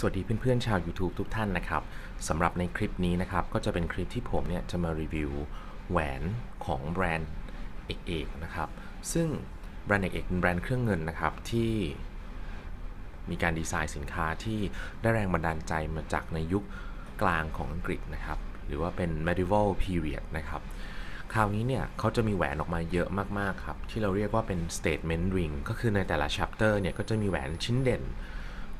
สวัสดีเพื่อนๆชาว YouTube ทุกท่านนะครับสำหรับในคลิปนี้นะครับ ก็จะเป็นคลิปที่ผมเนี่ยจะมารีวิวแหวนของแบรนด์เอกเอกนะครับ ซึ่งแบรนด์เอกเอกเป็นแบรนด์เครื่องเงินนะครับ ที่มีการดีไซน์สินค้าที่ได้แรงบันดาลใจมาจากในยุคกลางของอังกฤษนะครับ หรือว่าเป็น medieval period นะครับ คราวนี้เนี่ยเขาจะมีแหวนออกมาเยอะมากๆครับที่เราเรียกว่าเป็น statement ring ก็คือในแต่ละ chapter เนี่ยก็จะมีแหวนชิ้นเด่น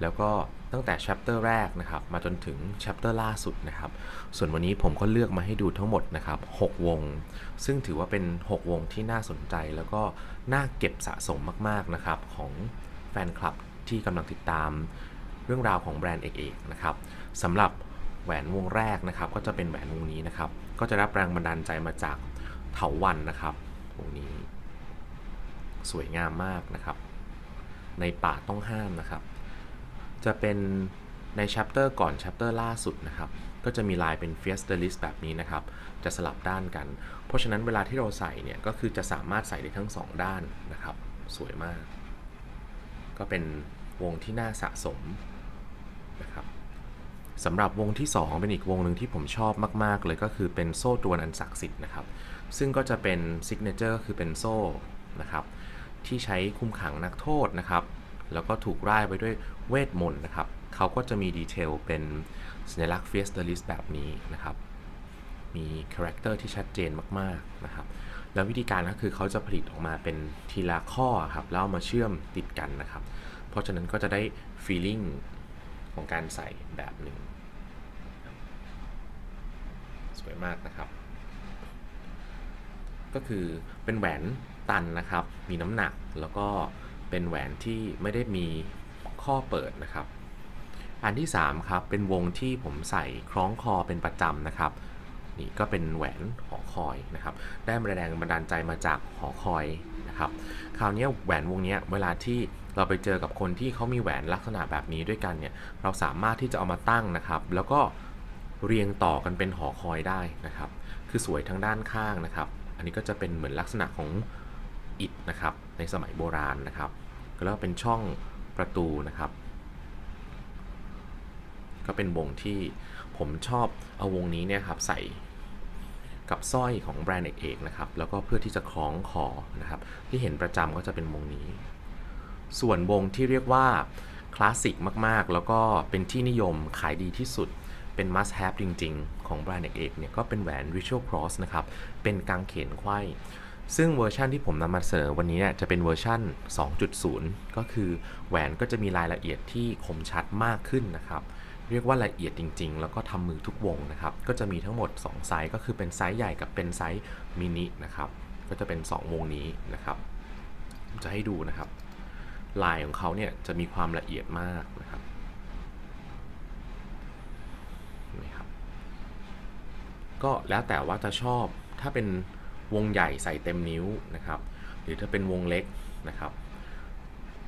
แล้วก็ตั้งแต่ chapter แรกนะครับ มาจนถึง chapter ล่าสุดนะครับ ส่วนวันนี้ผมก็เลือกมาให้ดูทั้งหมดนะครับ6วงซึ่งถือว่าเป็น6วงที่น่าสนใจแล้วก็น่าเก็บสะสมมากๆ นะครับ ของแฟนคลับที่กำลังติดตามเรื่องราวของแบรนด์เอกๆนะครับสำหรับแหวนวงแรกนะครับก็จะเป็นแหวนวงนี้นะครับ ก็จะรับแรงบันดาลใจมาจากเถาวันนะครับ วงนี้ สวยงามมากนะครับ ในป่าต้องห้ามนะครับจะเป็นใน chapter ก่อน chapter ล่าสุดนะครับ ก็จะมีลายเป็น first list แบบนี้นะครับ จะสลับด้านกัน เพราะฉะนั้นเวลาที่เราใส่เนี่ย ก็คือจะสามารถใส่ได้ทั้ง 2 ด้านนะครับ สวยมาก ก็เป็นวงที่น่าสะสมนะครับสำหรับวงที่ 2 เป็นอีกวงหนึ่งที่ผมชอบมากๆ เลยก็คือเป็นโซ่ตัวนอันศักดิ์สิทธิ์นะครับ ซึ่งก็จะเป็นซิกเนเจอร์ก็คือเป็นโซ่นะครับ ที่ใช้คุมขังนักโทษนะครับแล้วก็ถูกร่ายไปด้วยเวทมนต์นะครับ เขาก็จะมีดีเทลเป็นสัญลักษณ์เฟสเดลิสแบบนี้นะครับ มีคาแรคเตอร์ที่ชัดเจนมากๆนะครับ แล้ววิธีการก็คือเขาจะผลิตออกมาเป็นทีละข้อครับ แล้วมาเชื่อมติดกันนะครับ เพราะฉะนั้นก็จะได้ฟีลลิ่งของการใส่แบบหนึ่งสวยมากนะครับ ก็คือเป็นแหวนตันนะครับ มีน้ำหนักแล้วก็เป็นแหวนที่ไม่ได้มีข้อเปิดนะครับ อันที่ 3 ครับ เป็นวงที่ผมใส่คล้องคอเป็นประจำนะครับ นี่ก็เป็นแหวนหอคอยนะครับได้แรงบันดาลใจมาจากหอคอยนะครับคราวนี้แหวนวงนี้เวลาที่เราไปเจอกับคนที่เขามีแหวนลักษณะแบบนี้ด้วยกันเนี่ยเราสามารถที่จะเอามาตั้งนะครับ แล้วก็เรียงต่อกันเป็นหอคอยได้นะครับ คือสวยทั้งด้านข้างนะครับ อันนี้ก็จะเป็นเหมือนลักษณะของอิฐนะครับในสมัยโบราณนะครับแล้วเป็นช่องประตูนะครับก็เป็นวงที่ผมชอบเอาวงนี้เนี่ยครับใส่กับสร้อยของแบรนด์เอกๆนะครับแล้วก็เพื่อที่จะคล้องคอนะครับที่เห็นประจำก็จะเป็นวงนี้ ส่วนวงที่เรียกว่าคลาสสิกมาก ๆ แล้วก็เป็นที่นิยมขายดีที่สุดเป็น must have จริง ๆของแบรนด์เอกๆเนี่ยก็เป็นแหวน Ritual Cross นะครับเป็นกางเขนไขซึ่งเวอร์ชันที่ผมนำมาเสนอวันนี้เนี่ยจะเป็นเวอร์ชัน 2.0 ก็คือแหวนก็จะมีรายละเอียดที่คมชัดมากขึ้นนะครับ เรียกว่าละเอียดจริงๆ แล้วก็ทำมือทุกวงนะครับ ก็จะมีทั้งหมด2ไซส์ก็คือเป็นไซส์ใหญ่กับเป็นไซส์มินินะครับก็จะเป็น2วงนี้นะครับจะให้ดูนะครับลายของเขาเนี่ยจะมีความละเอียดมากนะครับนี่ครับก็แล้วแต่ว่าจะชอบถ้าเป็นวงใหญ่ใส่เต็มนิ้วนะครับ หรือถ้าเป็นวงเล็กนะครับ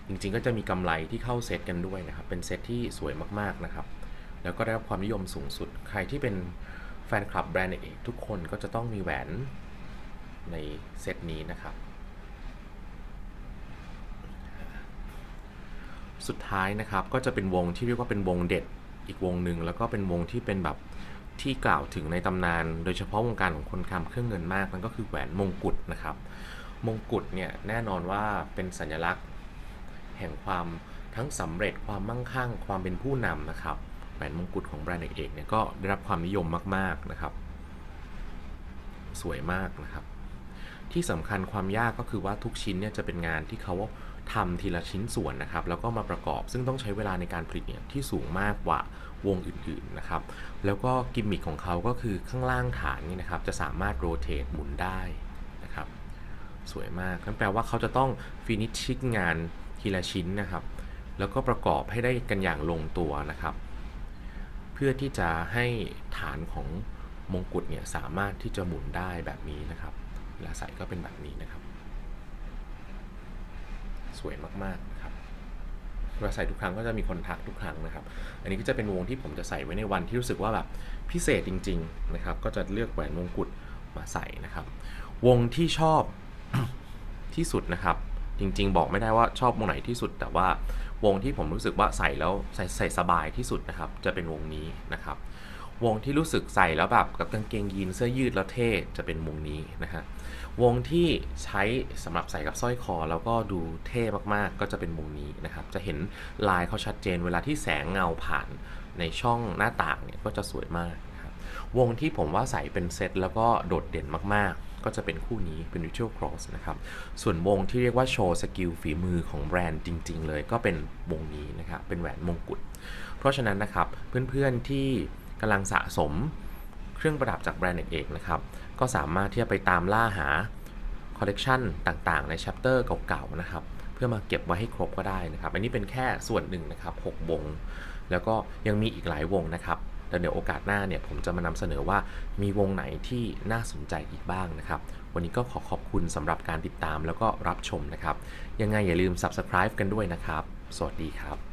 จริงๆก็จะมีกำไรที่เข้าเซตกันด้วยนะครับ เป็นเซตที่สวยมาก ๆ นะครับ แล้วก็ได้รับความนิยมสูงสุดใครที่เป็นแฟนคลับแบรนด์เอกทุกคนก็จะต้องมีแหวนในเซตนี้นะครับ สุดท้ายนะครับก็จะเป็นวงที่เรียกว่าเป็นวงเด็ดอีกวงหนึ่งแล้วก็เป็นวงที่เป็นแบบที่กล่าวถึงในตำนานโดยเฉพาะวงการของคนคำเครื่องเงินมากมันก็คือแหวนมงกุฎนะครับ มงกุฎเนี่ยแน่นอนว่าเป็นสัญลักษณ์แห่งความทั้งสำเร็จความมั่งคั่งความเป็นผู้นำนะครับแหวนมงกุฎของแบรนด์เอกเนี่ยก็ได้รับความนิยมมาก ๆนะครับ สวยมากนะครับ ที่สำคัญความยากก็คือว่าทุกชิ้นเนี่ยจะเป็นงานที่เขาทำทีละชิ้นส่วนนะครับ แล้วก็มาประกอบ ซึ่งต้องใช้เวลาในการผลิตเนี่ย ที่สูงมากกว่าวงอื่นๆนะครับ แล้วก็กิมมิคของเขาก็คือข้างล่างฐานนี่นะครับ จะสามารถโรเตทหมุนได้นะครับ สวยมากนั่นแปลว่าเขาจะต้องฟินิชชิ่งงานทีละชิ้นนะครับ แล้วก็ประกอบให้ได้กันอย่างลงตัวนะครับ เพื่อที่จะให้ฐานของมงกุฎเนี่ยสามารถที่จะหมุนได้แบบนี้นะครับลาใส่ก็เป็นแบบนี้นะครับสวยมากๆนะครับเวลาใส่ทุกครั้งก็จะมีคนทักทุกครั้งนะครับ อันนี้ก็จะเป็นวงที่ผมจะใส่ไว้ในวันที่รู้สึกว่าแบบพิเศษจริง ๆนะครับ ก็จะเลือกแหวนวงกุฎมาใส่นะครับ วงที่ชอบที่สุดนะครับ จริงๆ บอกไม่ได้ว่าชอบวงไหนที่สุด แต่ว่าวงที่ผมรู้สึกว่าใส่แล้วใส่ใส่สบายที่สุดนะครับ จะเป็นวงนี้นะครับวงที่รู้สึกใส่แล้วแบบกับกางเกงยีนเสื้อยืดแล้วเท่จะเป็นวงนี้นะฮะ วงที่ใช้สำหรับใส่กับสร้อยคอ แล้วก็ดูเท่มากๆ ก็จะเป็นวงนี้นะครับ จะเห็นลายเขาชัดเจนเวลาที่แสงเงาผ่านในช่องหน้าต่างเนี่ยก็จะสวยมากนะครับ วงที่ผมว่าใส่เป็นเซตแล้วก็โดดเด่นมากๆ ก็จะเป็นคู่นี้เป็น Ritual Cross นะครับ ส่วนวงที่เรียกว่าโชว์สกิลฝีมือของแบรนด์จริงๆ เลยก็เป็นวงนี้นะครับ เป็นแหวนมงกุฎ เพราะฉะนั้นนะครับเพื่อนๆที่กำลังสะสมเครื่องประดับจากแบรนด์เอกๆนะครับ ก็สามารถที่จะไปตามล่าหาคอลเลกชันต่างๆ ในชัปเตอร์เก่าๆ นะครับ เพื่อมาเก็บไว้ให้ครบก็ได้นะครับ อันนี้เป็นแค่ส่วนหนึ่งนะครับ 6 วง แล้วก็ยังมีอีกหลายวงนะครับแล้วเดี๋ยวโอกาสหน้าเนี่ยผมจะมานำเสนอว่ามีวงไหนที่น่าสนใจอีกบ้างนะครับ วันนี้ก็ขอขอบคุณสำหรับการติดตาม แล้วก็รับชมนะครับ ยังไงอย่าลืม subscribe กันด้วยนะครับ สวัสดีครับ